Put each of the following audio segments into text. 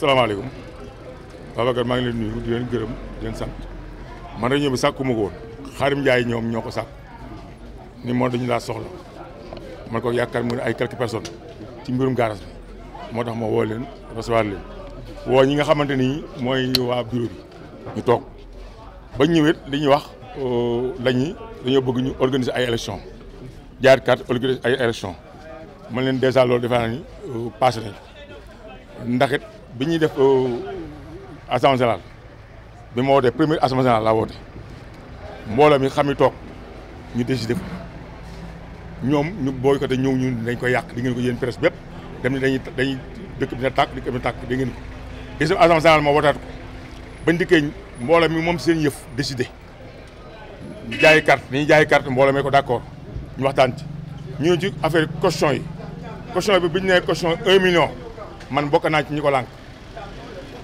salaamaaleykum Babacar maa ngi leen nuyu di leen gërëm di leen sant man dañu ñëw bi sàkku ma ko woon Xaarim Njaay ñoom ñoo ko sàkku ni moo dañu laa soxla man ko yaakaar mu ne ay quelques personnes ci mbirum garage moo tax ma woo leen recevoir leen woo ñi nga xamante ni mooy waa bureau ñu toog ba ñëwet li ñuy wax euh, lañuy dañoo bëgg ñu organiser ay élection jaar carte organiser ay élection man leen dèjà loolu defe naa ni euh, nañ ndax bi ñuy def euh, assemblée générale bi ma wootee première assemblée générale woote mbooloo xam ni toog ñu décidé ko ñoom ñu boycotté ñëw ñun dañ koy yàq di ngeen ko yéen presse bépp dem ni dañuy dañuy dëkk bi na tàkk dëkk bi na tàkk da ngeen ko deuxième assemblée générale moo wootaat ko bañ dikkee mbooloo mi moom seen yëf décidé jaay carte dañuy jaay carte mbooloo mi ko d'accord ñu waxtaan ci ñu ci affaire caution yi caution bi bi ñu nee caution million man bokk naa ci ñi ko lànk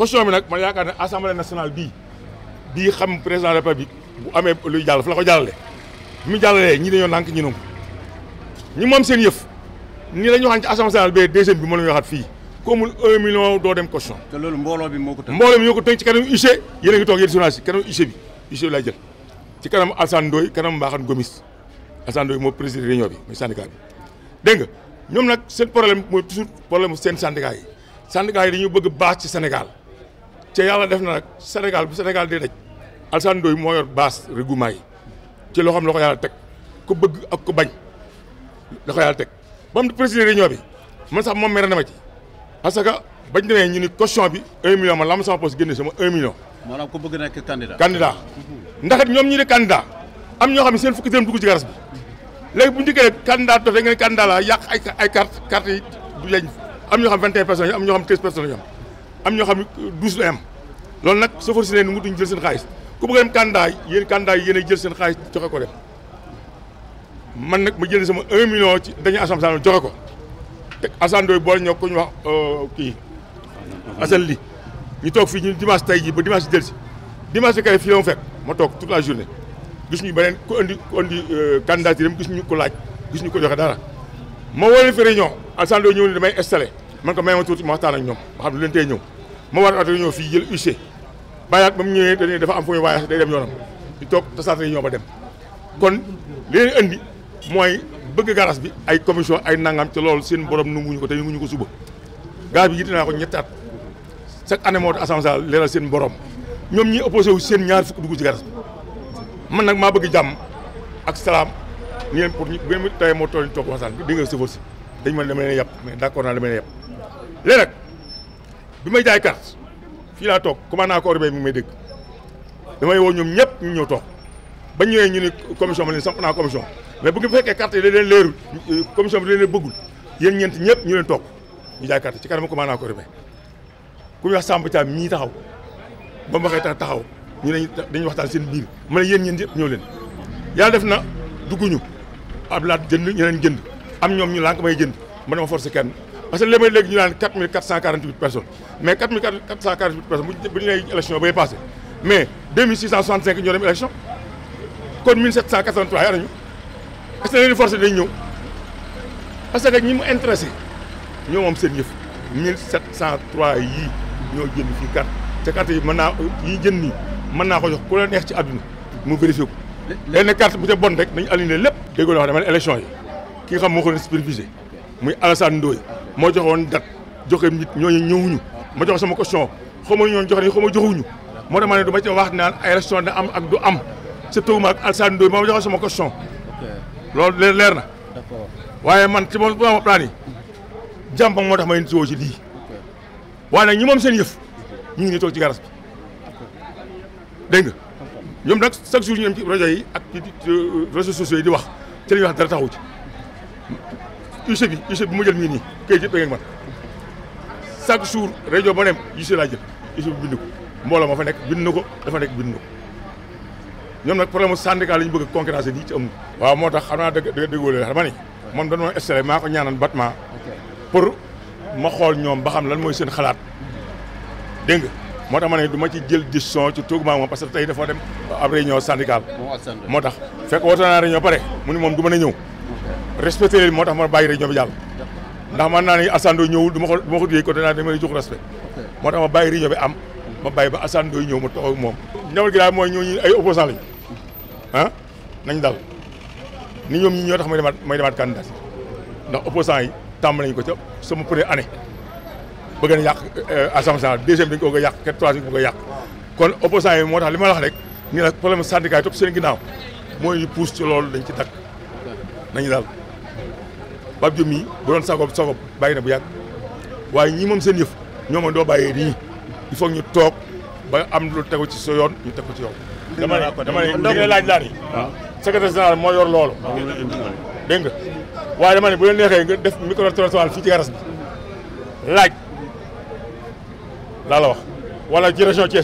caution bi nag man yaakaar ne assemblée nationale bii bii xam président de bi bu amee luy jàll fa la ko jàllale bi mu jàllalee ñi dañoo nànk ñi nangu ñi moom seen yëf ñi dañoo xam ci assemblée nationale bee bi moo la ñu waxaat fii ku amul un million doo dem caution. te loolu mbooloo bi moo ko tënk. mbooloo bi ñoo ko tënk ci kanam huissier yéen a ngi toog yéen journaliste ci kanam huissier bi huissier bi laay jël ci kanam Alassane Ndoye kanam Mbaxane Gomis Alassane moo président réunion bi muy bi dégg nga ñoom nag seen problème mooy toujours problème seen syndicat yi syndicat yi bëgg baax ci Sénégal ci yalla def na senegal bu senegal di rej Alassane doy moo yor base réglement yi ci loo xam la ko ku bëgg ak ku bañ da ko yàlla teg ba mu président réunion bi man sax mom mere na ma ci parce que bañ demee ñu ni caution bi 1 million ma lam sama poste génne sama 1 million. manam ku bëgg nek candidat. candidat ndax ñom ñi ne candidat am ñoo xam seen fukki dem dugg ci garas bi légui bu ñu candidat dof rek ngay candidat la yak ay ay carte carte du lañ am ñoo xam 21 personnes am ñoo xam 13 personnes ñu am ñoo xam ne douze la am loolu nag soo si ne ni mu duñ jël seen xaalis ku bëgg a dem candidat yi yéen yi yéen jël seen xaalis joxe ko dem man nag ma jël sama un million ci dañu Assane Sall joxe ko te Assane doy boole ñoo ko ñu euh, kii Assane li ñu toog fii ñu dimanche tey jii ba dimanche si jël si dimanche bi kay fii la mu fekk ma toog toute la journée gis ñu beneen ku andi ku andi candidature euh, gis ñu ko laaj gis ñu ko joxe dara ma wóor leen fi réunion Assane doy ñëw ne damay installé man ko may ma tuuti ma waxtaan ak ñoom ma xam lu leen tey ñëw ma war oto ñëw fii dafa am fu ñu day dem yoonam di toog tasaate ñoo ba dem kon li leen indi mooy bëgg garas bi ay commission ay nangam ci loolu seen borom nanguñu ko te nanguñu ko suba garas bi yitte naa ko ñettaat chaque année moo tax assemblée leeral seen borom ñoom ñi opposé wu seen ñaar fukk dugg ci garas bi man nag maa bëgg jàmm ak salaam ñeen pour bu ngeen tey moo toll toog waxtaan bi di nga léegi bi may jaay carte fii laa toog commande naa ko Orbey mi may dégg may woo ñoom ñëpp ñu ñëw toog ba ñëwee ñu ni commission ma leen samp naa commission mais bu ngi fekkee carte yi bëggul yéen ñeent ñëpp ñu toog ñu jaay carte ci kanam commande naa ko Orbey ku ñu wax Samb Thiam ñii taxaw ba mu waxee taxaw ñu ne dañuy waxtaan seen biir ma yéen ñeent yëpp leen yàlla def na dugguñu ab laat jënd ñeneen jënd am ñoom ñu lànk may jënd ma dama forcé kenn parce que les may 4448 personnes mais 4448 448 personnes bu élection bay passé mais 2665 ñoo dem élection 1783 nañu est ce que une force de l'union parce que ñi mu intéressé nous sommes seen 1703 nous ñoo jënd fii carte te carte yi ko jox vérifié carte aligné wax élection yi ki Alassane mo joxone dat joxe nit ñoy ñewuñu ma jox sama question xawma ñoon joxani nañ joxuñu mo dama ne du ma ci wax naan ay restaurant da am ak du am surtout ak Alsane Ndoye ma jox sama question lool leer na waye man ci bon sama plan yi jàmm moo tax ma indi ci lii waaye nag ñi mom seen yëf ñu ngi toog ci garas bi dégg nga chaque jour ñu am ci projet yi ak ci réseaux sociaux yi di wax ci li wax dara taxu ci huissier bi huissier bi mu jël mii nii kayit yëpp da ngeen mat chaque jour rajo ba dem huissier laa jël huissier bi bind ko mbooloo ma fa nekk bind na ko dafa nekk bind ñoom nag problème syndical la ñu bëgg a concurrencer nii waaw moo tax xam dëgg dëgg déggoo leen ma ni moom dañu ma installé maa ko pour ma xool ñoom ba xam lan mooy seen xalaat dégg nga moo tax ma ne du ci jël décision ci toog maa moom parce que tey dafa dem ab réunion syndicale moo tax fekk woote naa réunion pare mu ni moom du mën a ñëw respecté leen moo tax ma bàyyi réunion bi jàll ndax ma naa ne assandoo Ndoye ñëwul du ma ko du ma ko déggee côté naa dama lay jox respect moo tax bi am ma bàyyi ba Assane ñëw ma toog moom ñawal gi daal mooy ñooñu ay opposant lañu ah nañ dal ni ñoom ñi ñoo tax may demaat may demaat candidat ndax opposant yi tàmbali nañu ko ca sama première année bëgg na yàq euh, assemblée nationale deuxième dañu ko yàq kat troisième bëgg a yàq kon opposant yi moo tax li ma la wax rek ñu ne problème syndicat yi topp seen ginnaaw mooy ñu pousse ci loolu dañ ci dakk nañu daal Pape Diop mii bu doon sagob sagob bàyyi waaye ñii moom seen yëf ñoo ma doo bàyyee nii il faut ñu toog ba am lu tegu ci sa yoon ñu teg ci yow dama ne dama ne laaj laaj yi. secrétaire général moo yor loolu. dégg nga waaye dama ne bu leen neexee nga def micro-trottoir fii ci garas bi laaj laa la wax wala ci région bi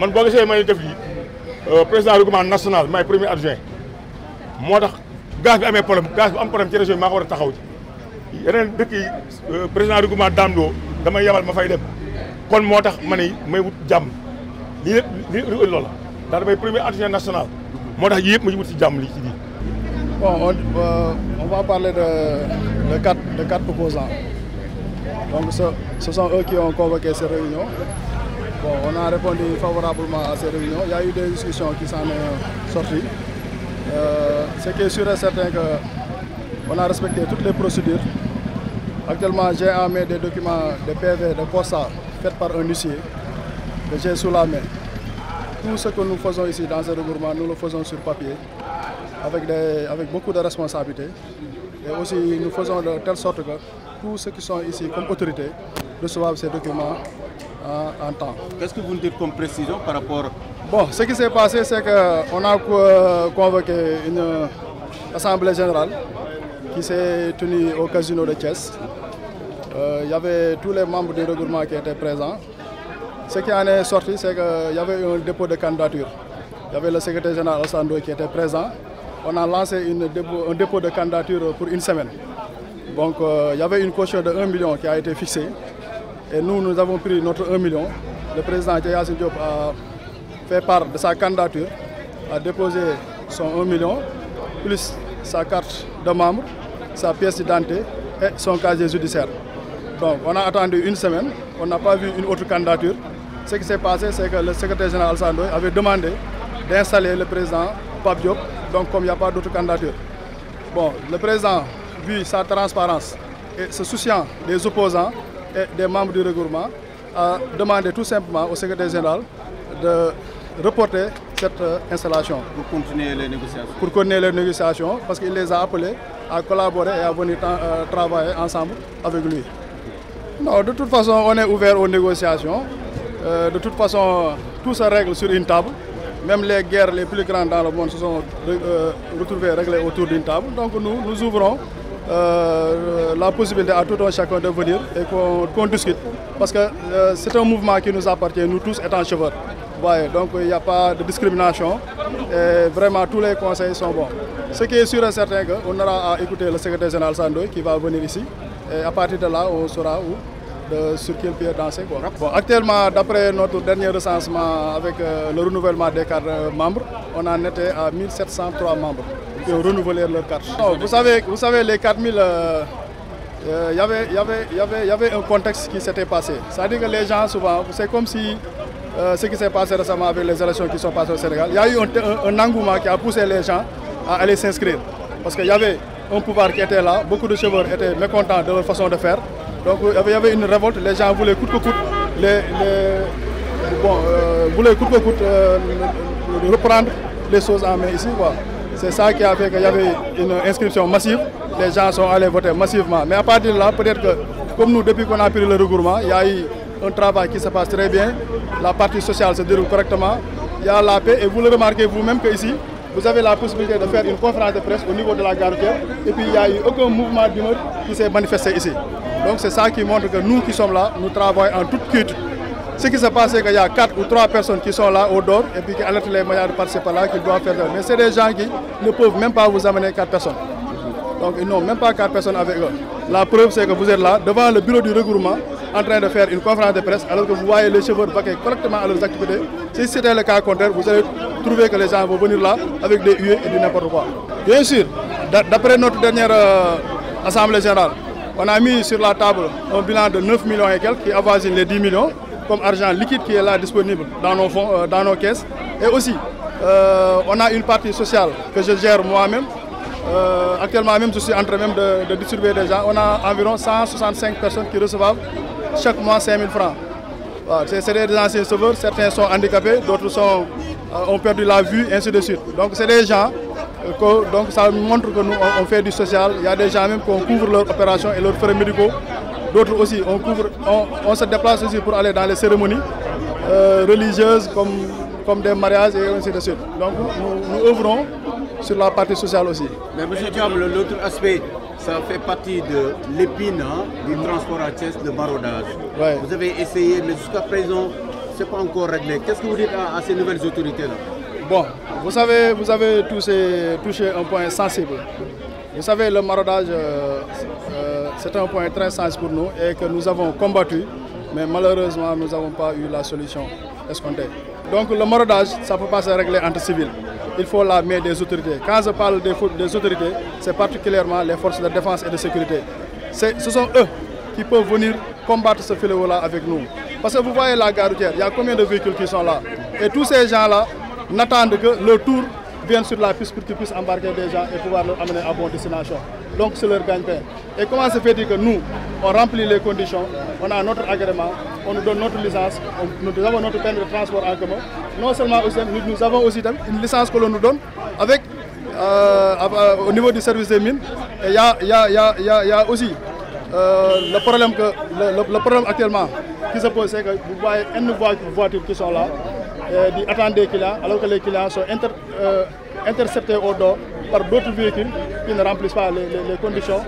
man boo gisee may def yi euh, président regroupement national may premier adjoint moo tax. gaz bi amee problème gaz bu am problème ci région bi wara taxaw ci yenen dëkk yi euh, président du gouvernement Dame Lo damay yabal ma fay dem kon motax mané may wut jam li li lii loolu la ndax premier adjoint national motax yépp ma ci wut ci jam li ci di bon on euh, on va parler de de quatre de quatre proposants donc ce ce sont eux qui ont convoqué ces réunions bon on a répondu favorablement à ces réunions il y a eu des discussions qui s'en sont sorties. Euh, ce qui est sûr et certain qu'on a respecté toutes les procédures. Actuellement, j'ai en main des documents de PV, de COSA, faits par un huissier, que j'ai sous la main. Tout ce que nous faisons ici dans ce regroupement, nous le faisons sur papier, avec, des, avec beaucoup de responsabilités. Et aussi, nous faisons de telle sorte que tous ceux qui sont ici comme autorités reçoivent ces documents en, temps. Qu'est-ce que vous nous dites comme précision par rapport Bon, ce qui s'est passé, c'est qu'on a euh, convoqué une euh, assemblée générale qui s'est tenue au casino de Thiès. il euh, y avait tous les membres du regroupement qui étaient présents. Ce qui en est sorti, c'est qu'il y avait un dépôt de candidature. Il y avait le secrétaire général Sando qui était présent. On a lancé un dépôt de candidature pour une semaine. Donc il y avait une caution de 1 million qui a été fixée. Et nous, nous avons pris notre 1 million. Le président Yassine Diop a fait part de sa candidature, a déposé son 1 million, plus sa carte de membre, sa pièce d'identité et son casier judiciaire. Donc on a attendu une semaine, on n'a pas vu une autre candidature. Ce qui s'est passé, c'est que le secrétaire général Sandoy avait demandé d'installer le président Pape donc comme il n'y a pas d'autre candidature. Bon, le président, vu sa transparence et se souciant des opposants et des membres du regroupement, a demandé tout simplement au secrétaire général de reporter cette euh, installation. Pour continuer les négociations Pour continuer les négociations, parce qu'il les a appelés à collaborer et à venir euh, travailler ensemble avec lui. Non, de toute façon, on est ouvert aux négociations. Euh, de toute façon, tout se règle sur une table. Même les guerres les plus grandes dans le monde se sont retrouvées réglées autour d'une table. Donc nous, nous ouvrons la possibilité à tout un chacun de venir et qu'on discute. Parce que c'est un mouvement qui nous appartient, nous tous étant chevaux donc il n'y a pas de discrimination. Et vraiment, tous les conseils sont bons. Ce qui est sûr et certain, on aura à écouter le secrétaire général Sandoy qui va venir ici. Et à partir de là, on saura où, de, sur quel pied danser. Quoi. actuellement, d'après notre dernier recensement avec euh, le renouvellement des cadres euh, membres, on en était à 1703 membres qui ont renouvelé leur vous, savez, vous savez, les 4000... il il y, avait, y, avait, y avait un contexte qui s'était passé. C'est-à-dire que les gens, souvent, c'est comme si euh, ce qui s'est passé récemment avec les élections qui sont passées au Sénégal, il y a eu un, engouement qui a poussé les gens à aller s'inscrire. Parce qu'il y avait un pouvoir qui était là, beaucoup de chevaux étaient mécontents de leur façon de faire. Donc euh, il y avait une révolte, les gens voulaient coûte que coûte, les, les bon, euh, voulaient reprendre les choses en main ici. C'est ça qui a fait qu'il y avait une inscription massive. Les gens sont allés voter massivement. Mais à partir de là, peut-être que, comme nous, depuis qu'on a pris le regroupement, il y a eu un travail qui se passe très bien. La partie sociale se déroule correctement. Il y a la paix et vous le remarquez vous-même que ici, vous avez la possibilité de faire une conférence de presse au niveau de la gare Et puis il n'y a eu aucun mouvement d'humeur qui s'est manifesté ici. Donc c'est ça qui montre que nous qui sommes là, nous travaillons en toute quiétude. Ce qui se passe, c'est qu'il y a quatre ou trois personnes qui sont là au dehors et puis qui alertent les moyens de participer là, qui doivent faire. Mais c'est des gens qui ne peuvent même pas vous amener quatre personnes. Donc ils n'ont même pas quatre personnes avec eux. La preuve, c'est que vous êtes là devant le bureau du regroupement en train de faire une conférence de presse alors que vous voyez les de paquet correctement à leurs activités. Si c'était le cas contraire, vous allez trouver que les gens vont venir là avec des huées et du n'importe quoi. Bien sûr, d'après notre dernière euh, Assemblée générale, on a mis sur la table un bilan de 9 millions et quelques qui avoisine les 10 millions comme argent liquide qui est là disponible dans nos fonds, euh, dans nos caisses. Et aussi, euh, on a une partie sociale que je gère moi-même. actuellement même, je suis en train même de, de distribuer des gens. On a environ 165 personnes qui recevent chaque mois 5000 francs. c'est des anciens sauveurs, certains sont handicapés, d'autres sont, euh, ont perdu la vue, ainsi de suite. Donc c'est des gens, que, donc ça montre que nous on, fait du social. Il y a des gens même qu'on couvre leur opération et leurs frais médicaux. D'autres aussi, on, couvre, on, se déplace aussi pour aller dans les cérémonies euh, religieuses comme, comme des mariages et ainsi de suite. Donc nous, ouvrons sur la partie sociale aussi. Mais M. Diable, l'autre aspect ça fait partie de l'épine hein, du transport à test de maraudage. Vous avez essayé, mais jusqu'à présent, ce n'est pas encore réglé. Qu'est-ce que vous dites à, ces nouvelles autorités-là Bon, vous savez, vous avez tous touché, un point sensible. Vous savez, le maraudage, euh, euh, c'est un point très sensible pour nous et que nous avons combattu, mais malheureusement, nous n'avons pas eu la solution escomptée. Donc le maraudage, ça ne peut pas se régler entre civils il faut l'armée des autorités. Quand je parle des, autorités, c'est particulièrement les forces de défense et de sécurité. Ce sont eux qui peuvent venir combattre ce fléau-là avec nous. Parce que vous voyez la gare il y a combien de véhicules qui sont là Et tous ces gens-là n'attendent que le tour vienne sur la piste pour qu'ils puissent embarquer des gens et pouvoir les amener à bonne destination. Donc c'est leur gagne-pain. Et comment se fait-il que nous, on remplit les conditions, on a notre agrément, on nous donne notre licence, nous avons notre peine de transport en commun. Non seulement nous, avons aussi une licence que l'on nous donne avec, euh, euh, au niveau du service des mines. Il y a, aussi euh, le, problème que, le, problème actuellement qui se pose, c'est que vous voyez une voiture qui sont là, qui d'attendre des clients, alors que les clients sont interceptés au dos par d'autres véhicules qui ne remplissent pas les conditions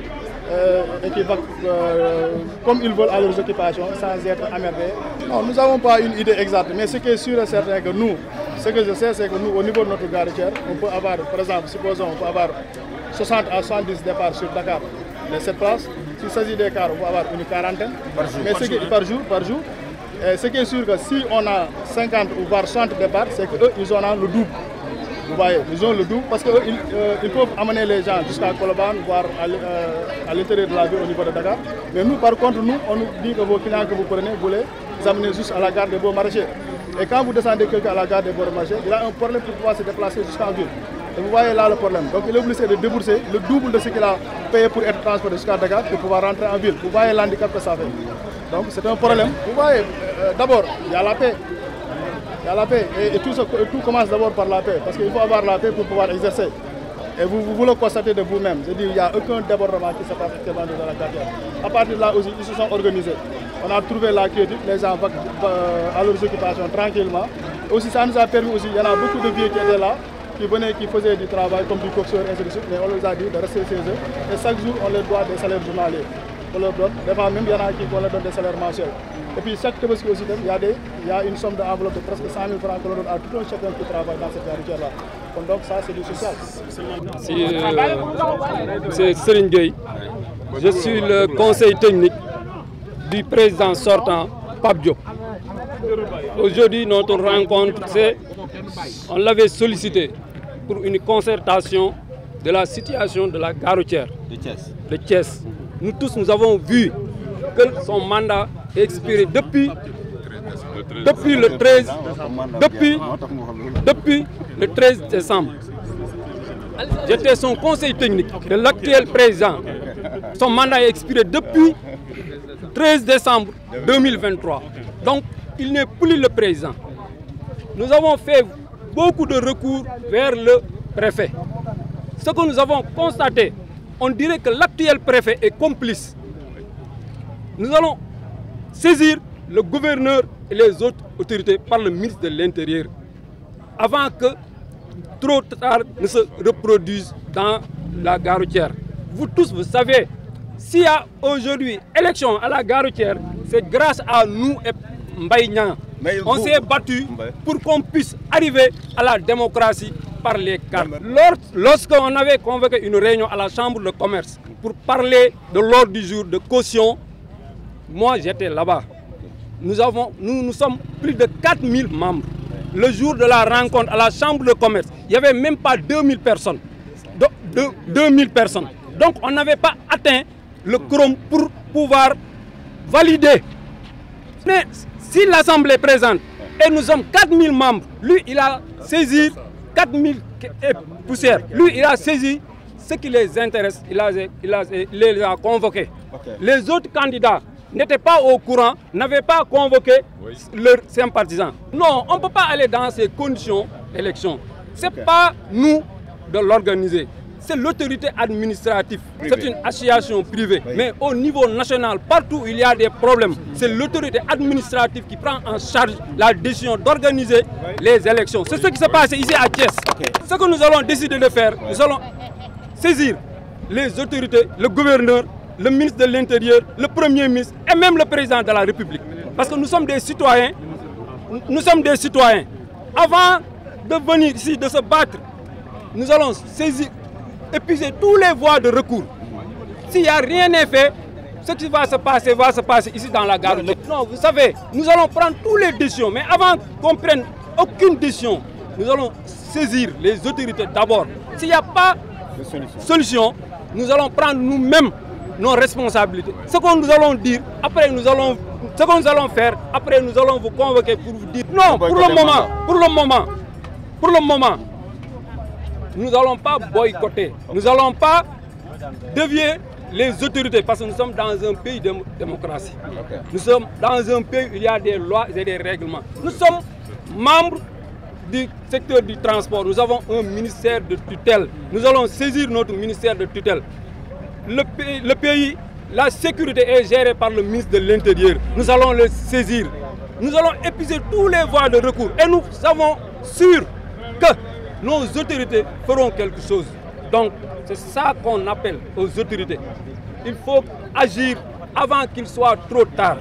euh, et qui, euh, comme ils veulent à leurs occupations sans être emmerdés. nous n'avons pas une idée exacte, mais ce qui est sûr et certain que nous, ce que je sais, c'est que nous, au niveau de notre garage, on peut avoir, par exemple, supposons, on peut avoir 60 à 70 départs sur Dakar de cette place. S'il s'agit des cars, on peut avoir une quarantaine par jour, par, ce jour, qui, hein. ce qui est sûr, que si on a 50 ou voire 60 départs, c'est qu'eux, ils en ont le double. Vous voyez, ils ont le double parce qu'ils euh, ils peuvent amener les gens jusqu'à Colobane, voire à, à l'intérieur de la ville au niveau de Dakar. Mais nous, par contre, nous, on nous dit que vos clients que vous prenez, vous les amenez juste à la gare des Beaux Marchés. Et quand vous descendez quelqu'un à la gare des Beaux il a un problème pour pouvoir se déplacer jusqu'en ville. Et vous voyez là le problème. Donc il est obligé de débourser le double de ce qu'il a payé pour être transporté jusqu'à Dakar pour pouvoir rentrer en ville. Vous voyez l'handicap que ça fait. Donc c'est un problème. Vous voyez, euh, euh, d'abord, il y a la paix. Il y a la paix. Et, tout commence d'abord par la paix. Parce qu'il faut avoir la paix pour pouvoir exercer. Et vous, le constatez de vous-même. Je dis, il n'y a aucun débordement qui se passe actuellement dans la carrière. À partir de là aussi, ils se sont organisés. On a trouvé la quiétude, les gens vont à leurs occupations tranquillement. Aussi, ça nous a permis aussi, il y en a beaucoup de vieux qui étaient là, qui venaient, qui faisaient du travail comme du coiffeur, et ainsi mais on leur a dit de rester chez eux. Et chaque jour, on leur doit des salaires journaliers. On leur Des fois, même, il y en a qui on leur des salaires mensuels. Et puis, chaque aussi, il y, a il y a une somme d'enveloppe de presque 100 000 francs qu'on l'on donne à tout un chacun qui travaille dans cette carrière-là donc ça, c'est du social. C'est Je suis le conseil technique du président sortant, Pabio. Aujourd'hui, notre rencontre, c'est... On l'avait sollicité pour une concertation de la situation de la gare De Thiès. Nous tous, nous avons vu que son mandat est expiré depuis, depuis le 13, depuis, depuis le 13 décembre, j'étais son conseil technique de l'actuel président. Son mandat est expiré depuis 13 décembre 2023. Donc, il n'est plus le président. Nous avons fait beaucoup de recours vers le préfet. Ce que nous avons constaté, on dirait que l'actuel préfet est complice. Nous allons saisir le gouverneur et les autres autorités par le ministre de l'Intérieur avant que trop tard ne se reproduise dans la gare Vous tous, vous savez, s'il y a aujourd'hui élection à la gare c'est grâce à nous et Mbaïnian. On s'est battu pour qu'on puisse arriver à la démocratie par les cartes. Lorsqu'on avait convoqué une réunion à la Chambre de commerce pour parler de l'ordre du jour de caution, moi j'étais là-bas. Nous, nous, nous sommes plus de 4000 membres le jour de la rencontre à la chambre de commerce, il n'y avait même pas 2000 personnes. personnes. Donc on n'avait pas atteint le chrome pour pouvoir valider. Mais si l'Assemblée est présente et nous sommes 4000 membres, lui il a saisi 4000 poussières. Lui il a saisi ce qui les intéresse, il, il les a convoqués. Les autres candidats n'étaient pas au courant, n'avaient pas convoqué leurs sympathisants. Non, on ne peut pas aller dans ces conditions d'élection. Ce n'est pas nous de l'organiser. C'est l'autorité administrative. C'est une association privée. Mais au niveau national, partout il y a des problèmes, c'est l'autorité administrative qui prend en charge la décision d'organiser les élections. C'est ce qui se passe ici à Thiès. Ce que nous allons décider de faire, nous allons saisir les autorités, le gouverneur, le ministre de l'Intérieur, le Premier ministre et même le Président de la République. Parce que nous sommes des citoyens. Nous sommes des citoyens. Avant de venir ici, de se battre, nous allons saisir, épuiser tous les voies de recours. S'il n'y a rien à faire ce qui va se passer va se passer ici dans la gare. Non, vous savez, nous allons prendre toutes les décisions. Mais avant qu'on prenne aucune décision, nous allons saisir les autorités d'abord. S'il n'y a pas de solution, nous allons prendre nous-mêmes nos responsabilités. Ce que nous allons dire, après nous allons, ce que nous allons faire, après nous allons vous convoquer pour vous dire non, pour le moment, pour le moment, pour le moment, nous n'allons pas boycotter, nous n'allons pas dévier les autorités, parce que nous sommes dans un pays de démocratie. Nous sommes dans un pays où il y a des lois et des règlements. Nous sommes membres du secteur du transport. Nous avons un ministère de tutelle. Nous allons saisir notre ministère de tutelle le pays, la sécurité est gérée par le ministre de l'Intérieur. Nous allons le saisir. Nous allons épuiser tous les voies de recours. Et nous savons sûr que nos autorités feront quelque chose. Donc, c'est ça qu'on appelle aux autorités. Il faut agir avant qu'il soit trop tard.